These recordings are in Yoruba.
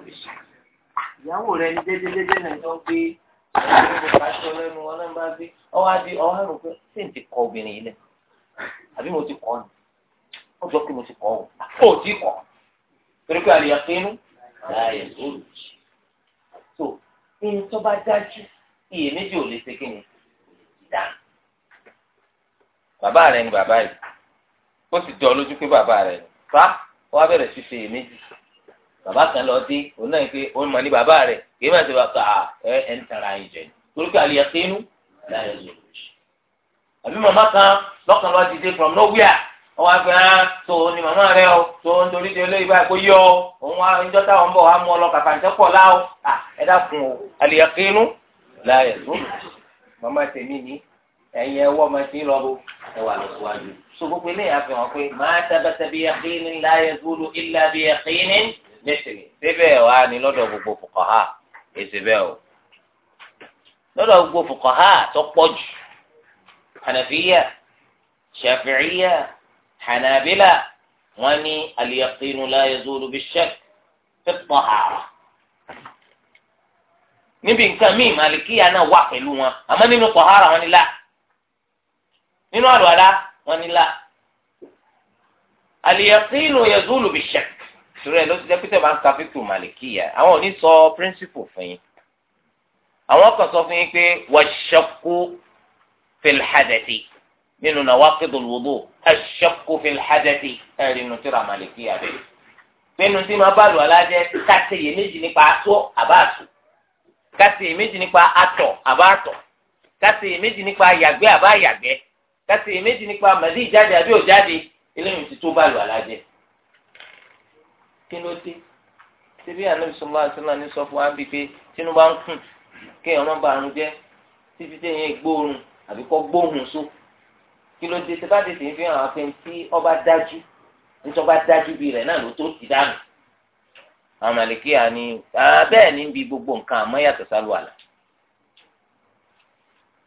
lóbi sùn ìyàwó rẹ ní dédédédé náà tó ń gbé ọ̀rọ̀ pàṣẹ lẹ́nu wọn náà bá gbé ọwọ́ adé ọwọ́ àrùn pé ṣé n ti kọ obìnrin yìí lẹ̀ àbí mo ti kọ́ ni ó jọ pé mo ti kọ́ o ó ti kọ́ torí pé àlèyàn pinnu láàyè lóru tó ní tó bá dájú iyèméjì ò lè ṣe kí ni dáa bàbá rẹ ni bàbá yìí ó sì jọ lójú pé bàbá rẹ fa wọn á bẹ̀rẹ̀ ṣíṣe iyèméjì bàbá kan lọ dé òun náà pé òun mọ ní bàbá rẹ kìí má ti bá ka ẹ ẹ ń tara ẹ jẹ torí pé àlìyé kínú láyé lè lòdì. àbí màmá kan lọ́kàn lọ́ọ́ dìde from nowhere ọwọ́ àgbẹ̀ á tó ni màmá rẹ o tó ń torí de olóyè báyìí kó yọ o òun wá ìjọ táwọn ń bọ̀ wá mú ọ lọ kàkà ìjọ pọ̀ láò à ẹ dákun o àlìyé kínú láyé lòdì. màmá tèmi ni ẹ̀yin ẹwọ́ máa ti ń lọ bó ẹ wà lọ́sọ̀wájú. so gbogbo eléyà fi hàn pé màá tábàtàbí yaqinin la yazulu illa bi yaqinin mẹsìlì síbẹ̀ wá ní lọ́dọ̀ gbogbo fòkànhá èsì bẹ́ẹ̀ o lọ́dọ̀ gbogbo fòkànhá tó pọ̀ jù hànàfíyà ṣàfìíyà hànàbílà wọn ní àlìyàkínú láyé zoro bí ṣẹ́k fi pọ̀ hàrà níbi nǹkan míì màlìkíyà náà wà pẹ̀lú wọn àmọ́ nínú pọ̀ wọn ní là nínú àlùwàlá wọn ní là àlìyàkínú yẹ zoro bí sùrẹ́ ló ti jẹ́ pété máa ń ka fíkù màlìkìyà àwọn ò ní sọ píríncípù fún yín àwọn kan sọ fún yín pé wàṣẹkù fìlhàdẹtì nínú nawaqidul wudu àṣẹkù fìlhàdẹtì ẹ̀rí nu tíra màlìkìyà bẹ́ẹ̀ pinnu tí máa bá lù alájẹ kàtẹ́yẹ méjì nípa atọ́ àbáàtò kàtẹ́yẹ méjì nípa atọ̀ àbáàtọ̀ kàtẹ́yẹ méjì nípa yàgbẹ́ àbáyàgbẹ́ kàtẹ́yẹ méjì nípa màdí ìjáde àbí òjáde eléyìí ti tó bá lù alájẹ kí ló dé síbí ànábì sọlá àtúnlá ní sọ fún wa bíi pé tínú bá ń kùn kéèyàn má ba àrùn jẹ títí téèyàn gbóòórùn àbí kó gbóòórùn so kí ló dé síbá tètè fi hàn àpè tí ọba dájú nítorí ọba dájú bíi rẹ̀ náà ló tó ti dànù àwọn ni bẹ́ẹ̀ ni bí gbogbo nǹkan àmọ́ yàtọ̀ sálù àlà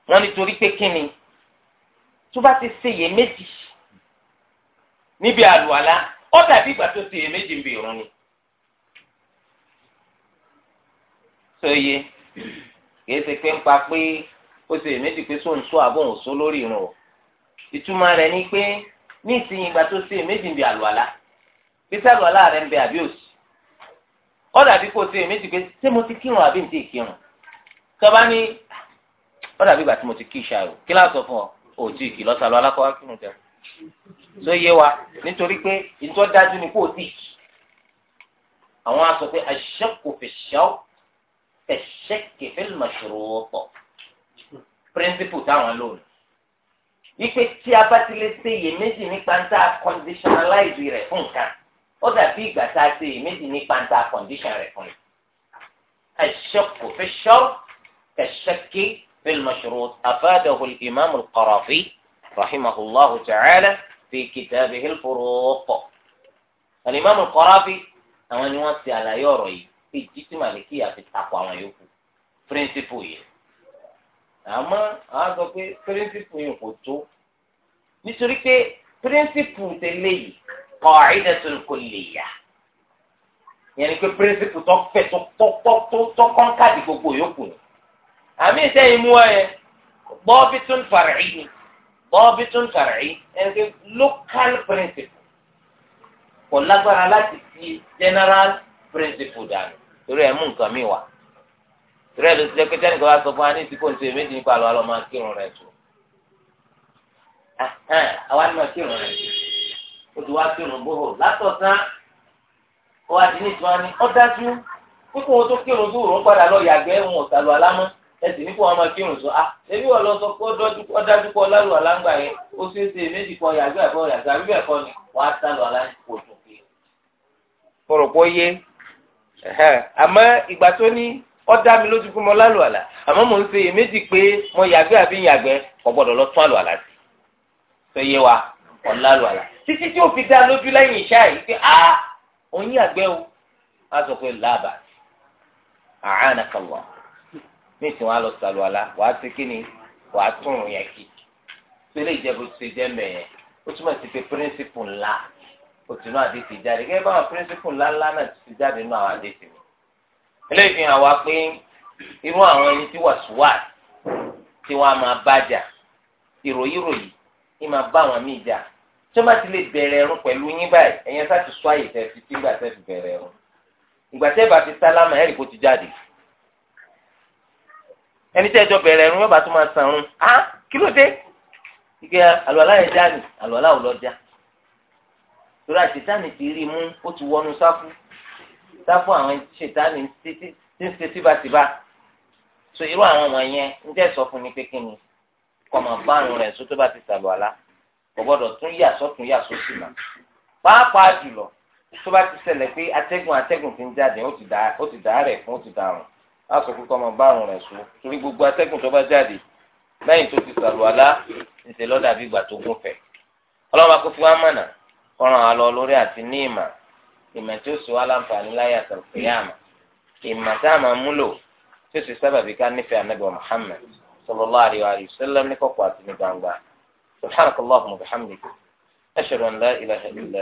wọ́n ní torí pé kí ni tó bá ti ṣe iyèméjì níbi àlùwàlá ó dàbí ìgbà tó ti èméjì ń bè rún ni. sóye kìí ṣe pé ń pa pé ó ṣe èméjì pé sóun sọ àbọ̀ òun sọ lórí irun o ìtumọ̀ rẹ̀ ni pé ní ìsinyìí ìgbà tó ṣe èméjì ń bè àlùwàlá bí sàlùwàlá rẹ̀ ń bè àbí òsì ó dàbí kó ṣe èméjì pé ṣé mo ti kírun àbí ń tè kírun tọ́ba ní ó dàbí ìgbà tí mo ti kí ìṣàrò kí láà fún ọ òtí kì sọ yé wa nítorí pé ìtọ́ dájú ni kò tí ì àwọn aṣọ pé aṣẹ́kù fìṣọ́ kẹṣẹ́kì fílmù ṣòro pọ̀ píríncípù táwọn lò ní. wípé tí a bá ti lè ṣe iyèméjì nípa ń tá a conditionalize rẹ̀ fún nǹkan ó dàbí ìgbà tá a ṣe iyèméjì nípa ń tá a rẹ̀ fún un. aṣẹ́kù fìṣọ́ kẹṣẹ́kì fílmù ṣòro ìmáàmù kọ̀rọ̀fì rahimahullahu ta'ala. في كتابه الفروق الإمام القرافي àwọn ni wọ́n ti àlàyé ọ̀rọ̀ yìí èjì tí màlìkì àti takò àwọn yòókù píríncípù yìí àmọ́ àwọn sọ pé píríncípù yìí kò tó nítorí pé píríncípù tẹ̀lé yìí qa'idatul kulliyah yẹn ni pé píríncípù tó fẹ̀ tó tó tó kọ́ńkàdì gbogbo yòókù ni àmì ìsẹ́yìn mú ẹ bọ́ọ̀bì tún fàrẹ̀ yìí bọ́ọ̀bítún kàrí ẹnìkan local principle kò lagbara láti fi general principle dànù torí ẹ̀ mú nǹkan mi wá torí sọ fún wa ní ìsìnkú méjì nípa tó tó o ti wá látọ̀sán di ní ìtura ni tó ń padà lọ yàgbẹ́ alámọ́. ẹsì ní kó wọn máa kírun sọ ah ẹbí wọn lọ sọ pé ọdájú pọ lálù aláǹgbà yẹn ó ṣeé ṣe méjì kan yàgbé ẹ̀fọ́ yàgbé àbí bẹ́ẹ̀ kọ́ ni wọ́n á sálù aláǹkó tó kí. mo rò pé ó yé àmọ́ ìgbà tó ní ọdá mi lójú fún mọ lálù àlà àmọ́ mò ń ṣe èméjì pé mo yàgbé àbí yàgbẹ́ kò gbọ́dọ̀ lọ tún àlù àlà sí tó yé wa kò lálù àlà títí tí ó fi dá lójú lẹ́yìn ìṣá yìí pé a ah, òun yàgbẹ́ o a sọ pé làbà àánà kan ní ìsìn wa lọ sàlùwàlà wàá ti kí ni wàá tún un yẹn kí sílé ìjẹ́bù ti jẹ́ mẹ́yẹn ó túmọ̀ sí pé píríncípù ńlá òtún náà àdéhìí jáde gẹ́gẹ́ báwọn píríncípù ńlá ńlá náà ti ti jáde nínú àwọn àdéhìí mi eléyìí fi hàn wá pé irú àwọn ẹni tí wàsíwàsí tí wọ́n á máa bájà ìròyìnròyìn ní máa bá àwọn míì jà tí wọ́n bá ti lè bẹ̀rẹ̀ ẹ̀rùn pẹ̀lú yín báyìí ẹ̀yẹn sá ti sọ àyè tẹ̀ fi tí ìgbà tẹ̀ fi bẹ̀rẹ̀ ẹ̀rùn ìgbà tẹ́ bá ti sálámà ẹ̀rì kó ti jáde ẹni tí ẹjọ bẹ̀rẹ̀ ẹrun yọba tó máa san ọrùn á kí ló dé ike àlùwàlá yẹn já ni àlùwàlá ò lọ já torí àṣetáni ti rí mú ó ti wọnú sáfù sáfù àwọn ṣètáni ti ń ṣe síbàṣíbà so irú àwọn ọmọ yẹn ń jẹ́ sọ fún ni pé kí ni kọ́ máa bá àrùn rẹ̀ sọ tó bá ti sàlùwàlá kò gbọ́dọ̀ tún yà sọ́tún yà sósì mà pàápàá jùlọ tó bá ti ṣẹlẹ̀ pé atẹ́gùn atẹ́gùn ti ń jáde ó ti dà rẹ̀ fún ó ti dà rùn á sọ pé kọ́ máa bá àrùn rẹ̀ sùn torí gbogbo atẹ́gùn tó bá jáde lẹ́yìn tó ti sàlùwàlá ńṣe lọ́dà bí ìgbà tó gùn fẹ̀. ọlọ́run akó fún wa mọ̀nà kọ́ran wa lọ lórí àti ní ìmà ìmà tí ó sọ wá láǹfààní láyé àtàlùfẹ́yàmà ìmà tá a máa múlò tí ó sì sábàbí ká nífẹ̀ẹ́ anábì Muhammad sallallahu alaihi wa sallam ní kọ̀kọ̀ àti ní gbangba subhanakallahumma wa bihamdika ashhadu an la ilaha illa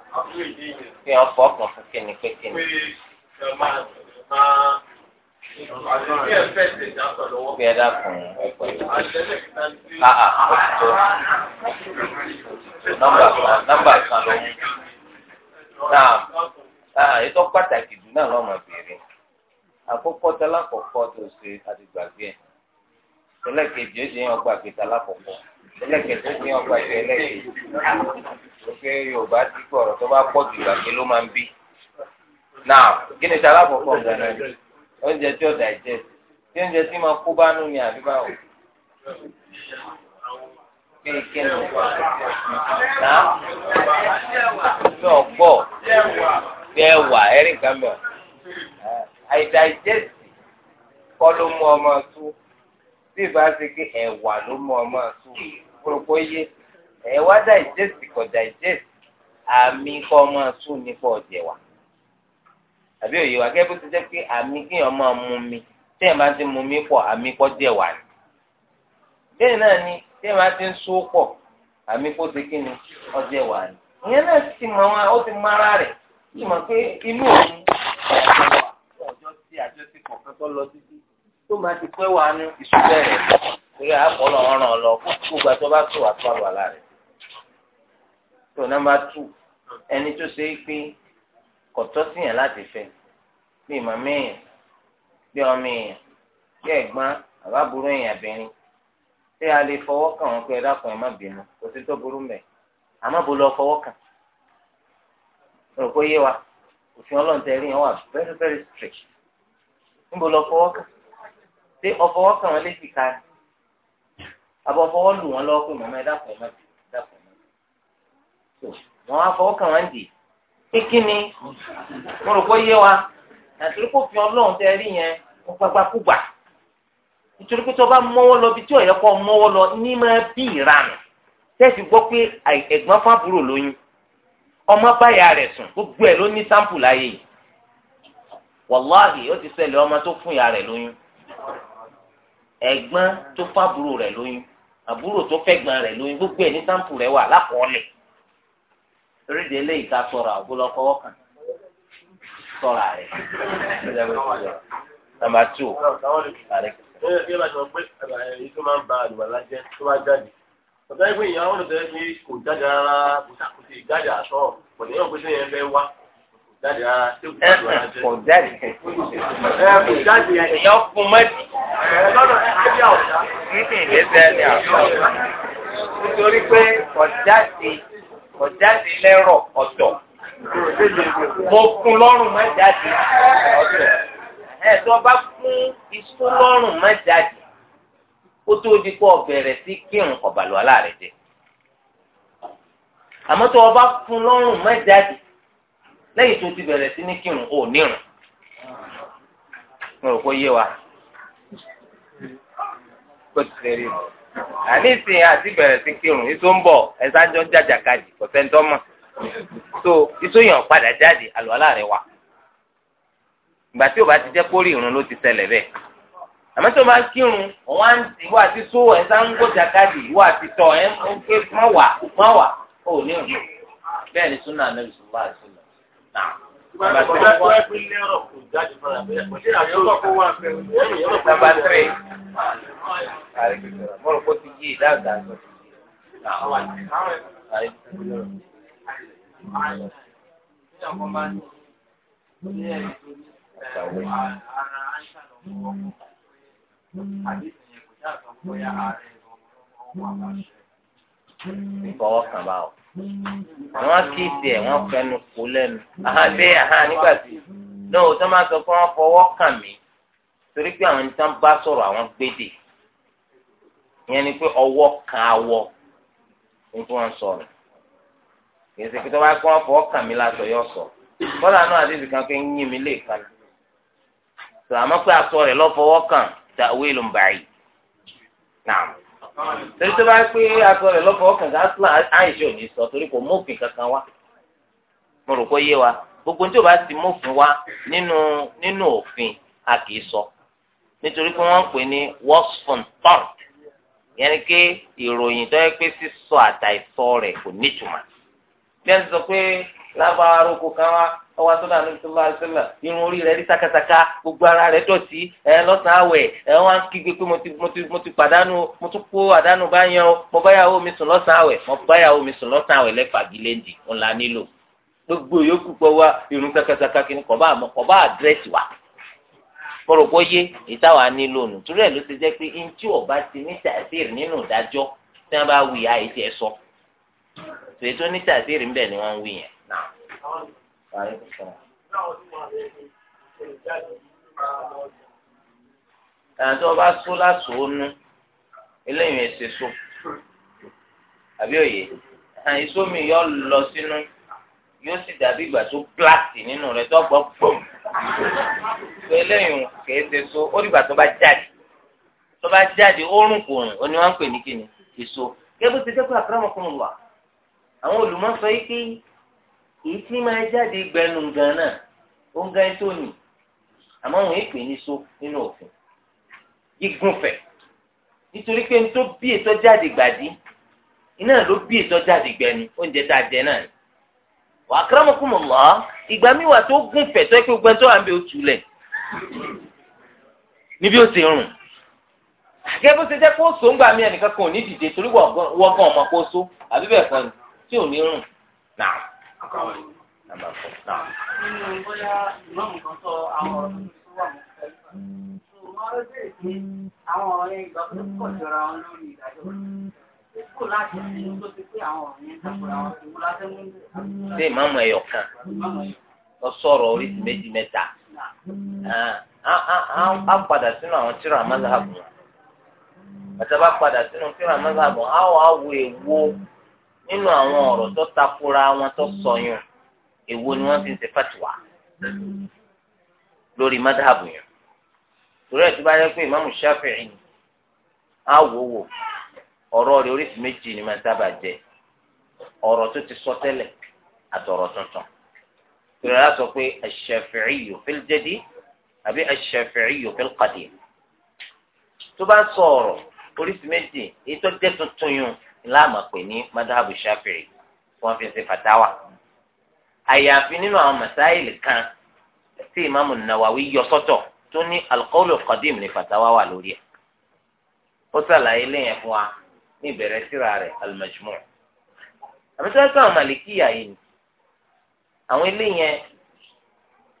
fi hàn fọkàn fún kíni pé kíni. Bí ẹ dákun ẹ̀pẹ̀ ah, ah, ah. nọ́mbà kan nọ́mbà kan ló mú. Náà ètò pàtàkì jù náà lọ́mọ bèrè. Àkọ́kọ́ tẹ́lá kọ̀ọ̀kọ́ tó ṣe àdìgbàgbé ẹ̀. Tẹ́lẹ̀ kejì ó ṣe yàn gbàgbé tẹ́lá kọ̀ọ̀kọ́ ẹlẹ́kẹ̀ẹ́dẹ́ ní ọgbà ìfẹ́ ẹlẹ́kẹ̀ẹ́ òkè yorùbá ti kọ̀ ọ̀rọ̀ tó bá pọ̀ jù làkè ló máa ń bí. náà kí ni sara àkọ́kọ́ gánà yìí oúnjẹ tí ó dàjẹ́ tí oúnjẹ tí máa kó bá nù ní àdúgbò àwọn kéèké ló wà náà tí ò gbọ́ tí ẹ wà ẹ̀rí nǹkan mọ̀ àìdàjẹ́sì kọ́ ló mú ọmọ tó bí ìbá ṣe pé ẹ̀wà ló mọ ọmọ sùn kúròpọ̀ yé ẹ̀wà digest kò digest àmì kọ́ ọmọ sùn ní kò jẹ̀wà àbí òye wa kẹ́ bó ti jẹ́ pé àmì kéèyàn máa mú mi tí ẹ̀ máa ti mú mi pọ̀ àmì kọ́ jẹ̀wà ni bẹ́ẹ̀ náà ni tí ẹ̀ máa ti ń sún pọ̀ àmì kó ti kí ni ọjẹ́ wà ni ìyẹn náà ti mọ wọn ó ti mọ ara rẹ̀ yìí pé inú òun ọjọ́ tí àjọṣepọ̀ kan tó lọ títí tó máa ti pẹ́ wà ní ìṣúbẹ̀ rẹ̀ torí àpọ̀lọ̀ ọ̀ràn lọ gbogbo àti ọba tó wà tó àlọ́ àlá rẹ̀. tó nọ́mbà tù ẹni tó ṣe é pé kọ̀tọ́ sí yàn láti fẹ́ bí màmí èèyàn bí ọmọ èèyàn bí ẹ̀gbọ́n àbábúrò èèyàn bìnrin ṣé a lè fọwọ́ kàn wọ́n pé ẹ dákun ẹ má bínú kò sí tó burú mẹ́ àmọ́ bó lọ fọwọ́ kàn rò pé yé wa òfin ọlọ́run tẹ̀lé yẹn wà very very strict níbo lọ fọwọ́ kàn ṣé ọfọwọ́ kàn wọ́n létí ká ní àbọ̀ ọfọwọ́ lù wọ́n lọ́wọ́ pé ẹ dàpọ̀ mọ́ ti dàpọ̀ mọ́ ti tó wọ́n afọwọ́ kàn wọ́n dì kíkíni mo rò pé yé wa àtúrò kò tẹ rí yẹn pé mọ́wọ́ lọ bí tí kọ́ mọ́wọ́ lọ ní máa bí gbọ́ pé ẹ̀gbọ́n lóyún ọmọ báyà rẹ̀ sùn gbogbo ẹ̀ ló ní ẹ̀gbọ́n tó fábúrò rẹ̀ lóyún àbúrò tó fẹ́gbọ́n rẹ̀ lóyún gbogbo ẹ̀ ní sáǹpù rẹ̀ wà lákọọ́lẹ̀ torí de eléyìí ká sọ̀rọ̀ àgbọ̀lọ̀ fọwọ́ kàn sọ̀rọ̀ rẹ̀. nàmbà tù bí ẹ bá ti mọ pé èyí tó máa ń ba àlùbàlà jẹ tó bá jáde ọ̀dọ́ ìpín ìyá wọn lọ́dọ̀ ẹni kò jáde rárá kò sì jáde àṣọ kò ní ọ̀pẹ́ sẹ́yìn ẹgbẹ́ wá kò jáde rárá kò jáde rárá kò jáde èèyàn fún mẹ́tì. ìgbésẹ̀ ní nítorí pé ọ̀jáde ọ̀jáde lẹ́rọ̀ ọ̀tọ̀ mo kún lọ́rùn má jáde ọ̀tọ̀ ẹ̀ tó bá kún iṣu lọ́rùn má jáde ó tó di pọ̀ bẹ̀rẹ̀ sí kírun aláàrẹ̀ jẹ àmọ́ tó bá kún lọ́rùn má jáde lẹ́yìn tó ti bẹ̀rẹ̀ sí ní kírun ò nírun mo rò pé wa. kó ti rí o. àní ìsìn àti bẹ̀rẹ̀ sí kírun ń bọ̀ ẹ̀sán jọ ń jàjà so iṣó yàn padà jáde àlùwalá rẹ̀ wà. ìgbà tí ti jẹ́ irun ló ti bẹ́ẹ̀. àmọ́ bá kírun ẹ̀sán ń kó ni súnà náà Bàbá tẹ̀lé. Mo rò pé ti yí ìdáàdá lọ. Ìfọwọ́kàn bá ọ àwọn kéèsì ẹ̀ wọ́n fẹnu kó lẹ́nu àhán lé àhán nígbà tí náà ó tán máa sọ pé wọ́n fọwọ́ kàn mí torí pé àwọn nìkan bá sọ̀rọ̀ àwọn gbédè ìyẹn ni pé ọwọ́ kan awọ ní tí wọ́n sọ̀rọ̀ kì í ṣe pé tó bá kọ́ wọ́n fọwọ́ kàn mí lásọ̀ yọ sọ bọ́lá náà àdéhùn kan pé ń yín mi lè kan sọ àmọ́ pé aṣọ rẹ̀ lọ́ fọwọ́ kàn tàwé ló ń bàyì náà torí tó bá pé aṣọ rẹ̀ lọ́fọ̀ọ́ kankan asla àìṣe ò sọ torí kò mófin kankan wá mo rò kó yé wa gbogbo ní bá ti mófin wá nínú nínú òfin a kì í sọ nítorí pé wọ́n pè ní wasfun tart yẹn ni pé ìròyìn tó yẹ pé sísọ àtàìsọ rẹ̀ kò nítumọ̀ bí wọ́n ti sọ pé lábàá aróko kan wá ọwọ́ àtúndà ní sọlá àṣẹlẹ̀ irun orí rẹ̀ rí sakasaka gbogbo ara rẹ̀ dọ̀tí ẹ lọ́sàn-án àwẹ̀ ẹ wọ́n á kígbe pé mo ti mo ti mo ti pàdánù mo tún kó àdánù bá yan o mo báyàwó mi sùn lọ́sàn-án mo báyàwó mi sùn lọ́sàn-án àwẹ̀ lẹ́fàgì lẹ́ndì ńlá nílò gbogbo yòókù pọ̀ wá irun sakasaka kìíní kọ̀ bá àmọ́ kọ̀ bá àdírẹ́sì wa kọ́rọ̀pọ̀ yé ìtawà nílò nù torí ẹ̀ ló ti jẹ́ pé ntí ọba ti ní tàṣírí nínú ìdájọ́ tí wọ́n bá wí àìsí ètò ní ni wọ́n ẹ̀yìn tó o bá só lásò ó nú eléyìí ẹ̀sẹ̀ so àbí òye ẹ̀yìn iṣó mi yọ lọ sínú yóò sì dàbí ìgbà tó pláàtì nínú rẹ̀ tó gbọ́ gbòm tó eléyìí kìí ṣe so ó dìgbà tó bá jáde tó bá jáde ó rùn kò rùn ó ní wọ́n ń pè ní kíni èso kébù ti dẹ́kun àkàrà ọmọkùnrin wà àwọn olùmọ̀ sọ yìí kí. èyí tí ma jáde gbẹnu gan náà ó ń gan tó nì àmọ́ wọn èpè ní so nínú òfin gígùnfẹ̀ nítorí pé tó bí ètò jáde gbàdí iná ló bí ètò jáde gbẹnu oúnjẹ tá a jẹ náà wà á káràmọkùnmọ lọ ìgbà míwà tó gùnfẹ̀ tó à ń bẹ otu lẹ níbi ó ti rùn gẹ́gẹ́ bó ṣe jẹ́ kó so ń gbà mí ẹnìkan kan ò ní dìde torí wọ́gàn ọmọ kó so àbí bẹ́ẹ̀ kan tí ò ní rùn náà. Nàmbà fọ. Nínú Ṣé ìmáàmù ẹ̀yọ̀ kan? Lọ sọ̀rọ̀ oríṣi méjì mẹ́ta. Á padà sínú àwọn tíra mọ́láàbù. Bàtà bá padà sínú tíra mọ́láàbù, á wà á wo èwo nínú àwọn ọ̀rọ̀ tó takora wọn tó sọyún èwo ni wọ́n ti ń ṣe fatiwa lórí madhabu yẹn torí ẹ̀ tó bá yẹ pé ìmáàmù Shafi'i ni á wò wò ọ̀rọ̀ rẹ̀ oríṣi méjì ni máa sábà jẹ ọ̀rọ̀ tó ti sọ tẹ́lẹ̀ àtọ̀rọ̀ tuntun torí ẹ̀ sọ pé ash-Shafi'iyyu fil-jadi àbí ash-Shafi'iyyu fil-qadim tó bá sọ ọ̀rọ̀ oríṣi méjì èyí tó jẹ́ tuntun yìí láàmà pè ní madhabu shafi'i tí wọ́n fi ṣe fatawa àyàfi nínú àwọn masáìlì kan tí ìmáàmù Nawawi yọ sọ́tọ̀ tó ní alqawlu qadim ní fatawa wà lórí ẹ̀ ó sàlàyé lẹ́yìn fún wa ní ìbẹ̀rẹ̀ síra rẹ̀ al-majmu' àmì sọ́tọ̀ àwọn màlìkíyà yìí ni àwọn eléyẹn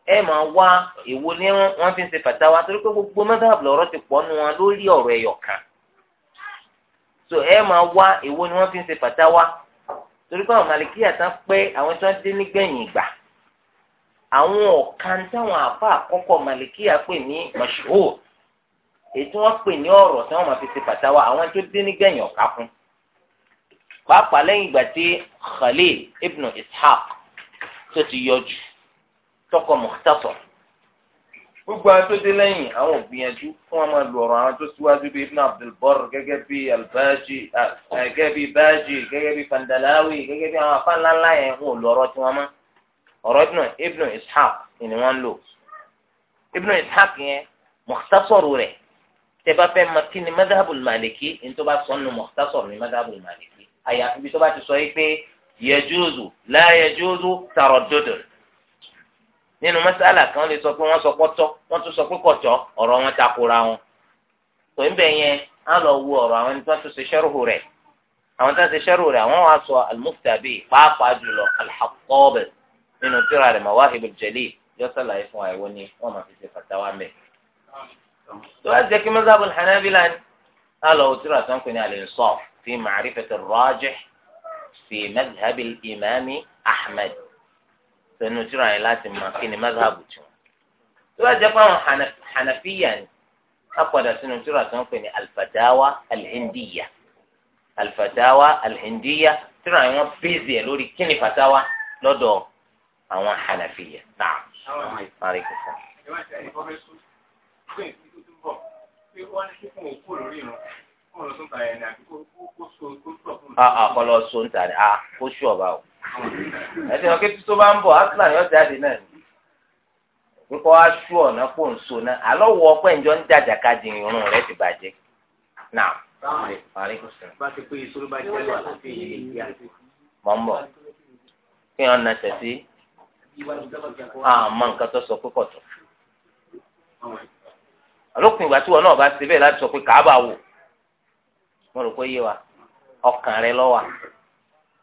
ẹ máa wá èwo ni wọn fi ṣe fàtàwà torí pé gbogbo mẹ́tàbí lọ́rọ̀ ti pọ̀ nù wọn lórí ọ̀rọ̀ ẹ̀yọ̀ kan so ẹ máa wá èwo ni wọ́n fi ń ṣe fàtáwá torí pé àwọn màlìkíyà tán pé àwọn tí wọ́n dé nígbẹ̀yìn ìgbà àwọn ọ̀kan táwọn àfa àkọ́kọ́ màlìkíyà pè ní mashhur èyí tí wọ́n pè ní ọ̀rọ̀ tí wọ́n máa fi ṣe fàtáwá àwọn tó dé nígbẹ̀yìn ọ̀ka fún pàápàá lẹ́yìn ìgbà tí Khalil ibn Ishaq tó ti yọjú tọkọ Mukhtasar gbogbo àwọn tó dé lẹ́yìn àwọn ògbìyànjú fún wọn máa lu ọ̀rọ̀ àwọn tó síwájú bíi ibn abdulbar gẹ́gẹ́ bíi albaji gẹ́gẹ́ bíi baji gẹ́gẹ́ bíi fandalawi gẹ́gẹ́ bíi àwọn afáńláńlá yẹn wọn ò lu ọ̀rọ̀ tiwọn mọ́ ọ̀rọ̀ ibn ibn ishaq ni wọ́n ń lò ibn ishaq yẹn mukhtasaru rẹ̀ tẹ́ bá fẹ́ mọ̀ ni madhabul maliki ní tó bá sọ nù mukhtasaru ní madhabul maliki àyàfi bí tó bá ti sọ yìí pé yajuzu la yajuzu nínú mọ́sálà kan lè sọ pé wọ́n sọ pọ́tọ́ wọ́n tún sọ pé kọ̀tọ́ ọ̀rọ̀ wọn takora wọn tó ń bẹ̀ yẹn á lọ wo ọ̀rọ̀ àwọn ẹni tó tún ṣe ṣẹ́rùhù rẹ̀ àwọn tó ń ṣe ṣẹ́rùhù rẹ̀ àwọn wa sọ al-Muftabi pàápàá jùlọ al-Haqqabi nínú tírà rẹ̀ Mawahibul Jalil yọ sàlàyé fún ni wọ́n máa fi ṣe fatawa mẹ́. tó bá jẹ́ kí mọ́sáàbù Hanabila á lọ wo tírà tó ń pè ní al-Insaf fi Ma'rifati ar fi madhhabi sẹ́nu tíra yẹn láti mọ kí ni mazhabu tí wọn. tó bá jẹ́ pé àwọn hànàfíyà ni a padà sínú tíra tó ń pè ní alfadawa alhindiya alfadawa alhindiya tíra yẹn wọ́n bèzì ẹ̀ lórí kí ni fatawa lọ́dọ̀ àwọn hànàfíyà. náà máa rí kẹsàn a kọlọ so n ta ni a ah, kó sùọ báwo ẹsẹ̀ wọn kébi tó bá ń bọ̀ asúlà yóò jáde náà ní kó na ọ̀nà kó ń so náà àlọ́ wọ ọpẹ́ ìjọ ń ká di irun rẹ ti bàjẹ́ náà. na tẹ̀sí àmọ́ nǹkan tó sọ pé tó. ìgbà tí wọn náà bá ṣe bẹ́ẹ̀ láti sọ pé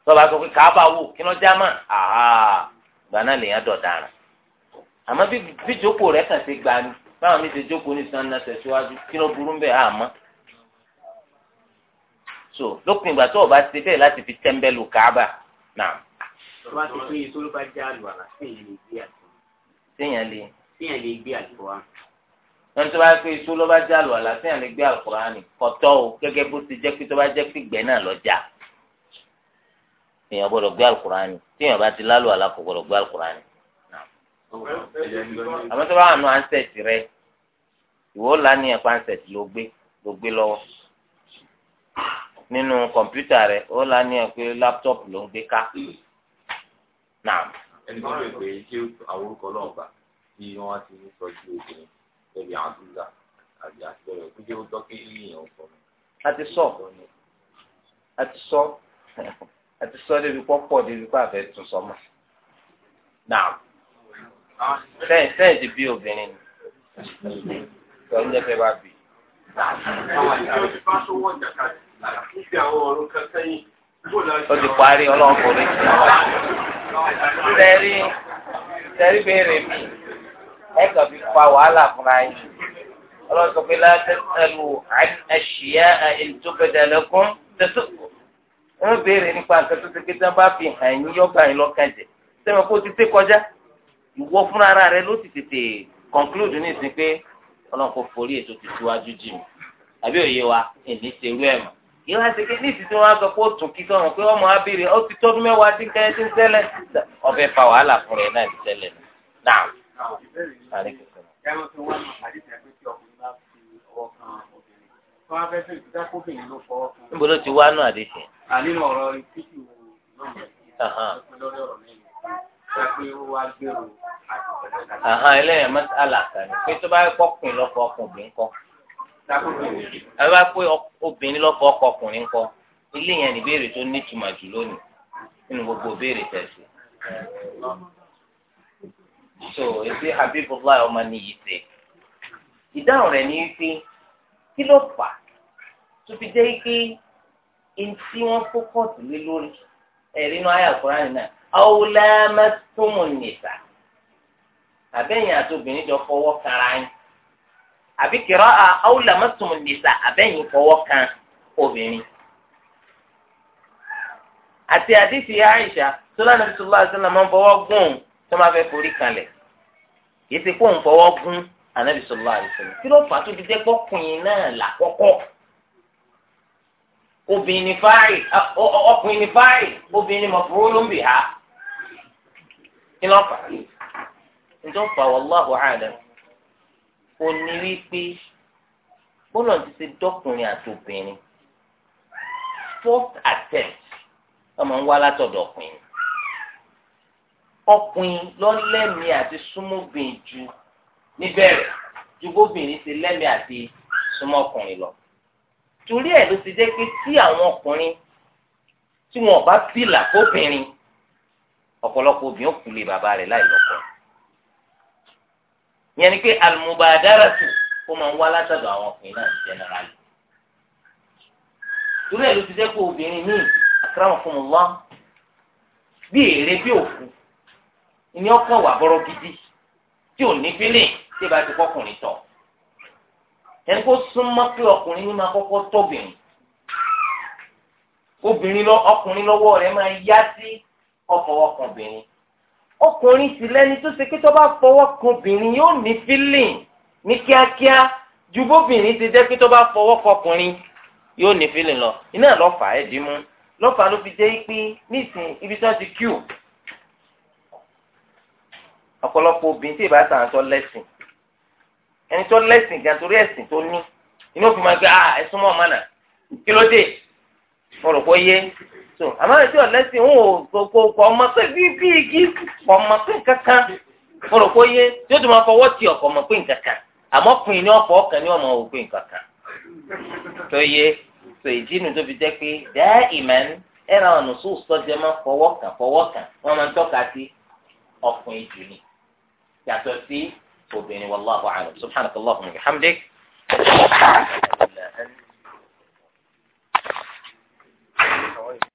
tọ́ba sọ pé káàbà wò kí lọ́ já mà áhà gbaná lèèyàn dọ̀daràn àmọ́ bí jókòó rẹ̀ kàn ṣe gbà ní báwọn mi ṣe jókòó ní sanni náà tẹ̀síwájú kí ló burú bẹ́ẹ̀ àmọ́ so lópin ìgbà tó o bá ṣe bẹ́ẹ̀ láti fi tẹ́ḿbẹ́lú káàbà náà. tọ́ba ti pín in tó ló bá já àlùwàlà séèyàn lè gbé àlùwà. séèyàn lè. séèyàn lè gbé àlùwà. lọ́nà tó bá pín ló bá já àlùwàlà séèyàn lè gbé àlùwà ni kọ́tọ́ o gẹ́gẹ́ bó ti jẹ́ pé tó jẹ́ pé gbẹ́ náà lọ́jà èèyàn gbọ́dọ̀ gbé alukurani tí èèyàn bá ti lálù alákò gbọ́dọ̀ gbé alukurani. àmọ́ tó bá wà nù ansẹ̀tì rẹ ìwọ lánìyàn pa ansẹ̀tì ló gbé ló gbé lọ́wọ́ nínú kọ̀mpútà rẹ ó lánìyàn pé láptọ̀pù ló ń gbé ká. ẹni tó lè pè é ṣé àwọn orúkọ náà gbà tí wọ́n ti ń sọ sí obìnrin lórí àdúrà àti àtúbẹ̀rẹ̀ kó jẹ́ ó tọ́ kí èèyàn sọ. a ti sọ a ti sọ sọ débi pọ́pọ̀ débi pọ́ àfẹ́ tún sọmọ. Nàá sẹ́yìn sẹ́yìn ti bí obìnrin ni sọ ń jẹ́fẹ́ bá bì. Ó ti parí ọlọ́ọ̀kùnrin. Sẹ́rí sẹ́rí béèrè mi ẹ kàn fi fa wàhálà fúnra yín. Ọlọ́run sọ pé ẹ̀ ń lẹ́kún tẹ̀sán. ó béèrè nípa nǹkan tó ṣe bá fi hàn yín yọ́gbà yín lọ́kàn sẹ́wọ̀n kó ti kọjá ìwọ fún ara rẹ ló ti tètè conclude ní ìsìn pé ọlọ́run kò forí ètò ti síwájú jì mí wa èmi ṣe ẹ̀ mọ̀ wá sí pé ní ìsìn tí wọ́n á sọ pé ó tún kí sọ̀rọ̀ pé ọmọ abèrè ó ti tọ́dún mẹ́wàá fa wàhálà fún náà wọn fẹ́ fẹ́ ìdíjà kóbìnrin ló fọwọ́ fún. níbo ló ti wá nù àdéhùn. ànínú ọ̀rọ̀ ìtìjú náà ẹlẹ́yìn mọ́tàlá kan pé tó bá kọ́ pin lọ́kọ̀ ọkùnrin kọ́ ẹ bá pé obìnrin lọ́kọ̀ ọkọ ọkùnrin kọ́ ilé yẹn ní béèrè tó ní ìtumọ̀ jù lónìí nínú gbogbo béèrè tẹ̀sí. so èsì Habibullah ọmọ nìyí ṣe ìdáhùn rẹ̀ ní pé kí ló fà á tó fi jẹ́ pé ntí wọ́n fókọ̀sì lé lórí ẹ̀rí inú ayé àkùrán náà ọ̀wùlá mẹ́tòmù nìta àbẹ́yìn àti obìnrin jọ fọwọ́ kara yín àbí kìrọ́ à ọ̀wùlá mẹ́tòmù nìta àbẹ́yìn fọwọ́ kan obìnrin. àti àdìsí àìsà sọlá nàbìsọlá àti sọlá máa ń fọwọ́ gùn tó máa fẹ́ forí kalẹ̀ kì í ti kó ń fọwọ́ gùn anabi sọlá àdìsẹlẹ kí ló fà á tó fi jẹ pọkùnrin náà làkọ́kọ́ obìnrin ni fáàrì ọkùnrin ni fáàrì obìnrin ni mọ̀fúró ló ń bì á kí ló fà á nítorí fà wallahu a'lam ó ní wípé bọ́lá ti ṣe dọ́kùnrin àti obìnrin first attempt ọmọ ń wá látọ̀dọ̀ ọkùnrin ọkùnrin lọ́lẹ́mìí àti súnmọ́bìn ju níbẹ̀rẹ̀ ju bóbìnrin ṣe lẹ́mí àti súnmọ́ ọkùnrin lọ. torí ẹ̀ ló ti jẹ́ pé tí àwọn ọkùnrin tí wọn bá fìlà fóbìnrin ọ̀pọ̀lọpọ̀ obìnrin kù lé bàbá rẹ̀ láì lọ́kọ. ìyẹn ni pé àlùmọ̀bàdáràtù ó máa ń wá látọ̀dọ̀ àwọn ọkùnrin náà jẹ́nẹ́rálì. torí ẹ̀ ló ti jẹ́ pé obìnrin míì àkàràwọ̀ fún mi wá bí èrè bí òkú ìní ọkàn wà bọ́rọ̀ gidi tí ò ní fílẹ̀ tí ìbá ti kọkùnrin tọ̀ ẹni kó súnmọ́ pé ọkùnrin ní máa kọ́kọ́ tọ́bìnrin obìnrin lọ ọkùnrin lọ́wọ́ rẹ̀ máa yá sí ọkọ̀ ọkùnrin ọkùnrin sì lẹ́ni tó ṣe pé tó bá fọwọ́ kan obìnrin yóò ní fílìn ní kíákíá ju bóbìnrin ti jẹ́ pé tó bá fọwọ́ kan ọkùnrin yóò ní fílìn lọ iná lọ́fà ẹ̀ dín mú lọ́fà ló fi jẹ́ pé nísìnyí ibi tí wọ́n ti kíù ọ̀pọ̀lọpọ̀ obìnrin tí ìbátan àtọ́ lẹ́sìn ẹni tó lẹ́sìn gan torí ẹ̀sìn tó ní inú òfin máa ń gbé ah ẹ̀sùn mọ́ ọ̀mánà kí ló dé mo rò pé yé so àmọ́ ẹ̀sìn tí ọ̀lẹ́sìn ń wò kò ọmọ pé bí bí igi ọmọ pé kankan mo rò pé yé tí ó tún máa fọwọ́ ọmọ pé nkankan àmọ́ fún yín ní ọ̀fọ̀ ní ọmọ so ìdí inú tó fi jẹ́ pé dá ọ̀nà وبيني والله أعلم سبحانك اللهم وبحمدك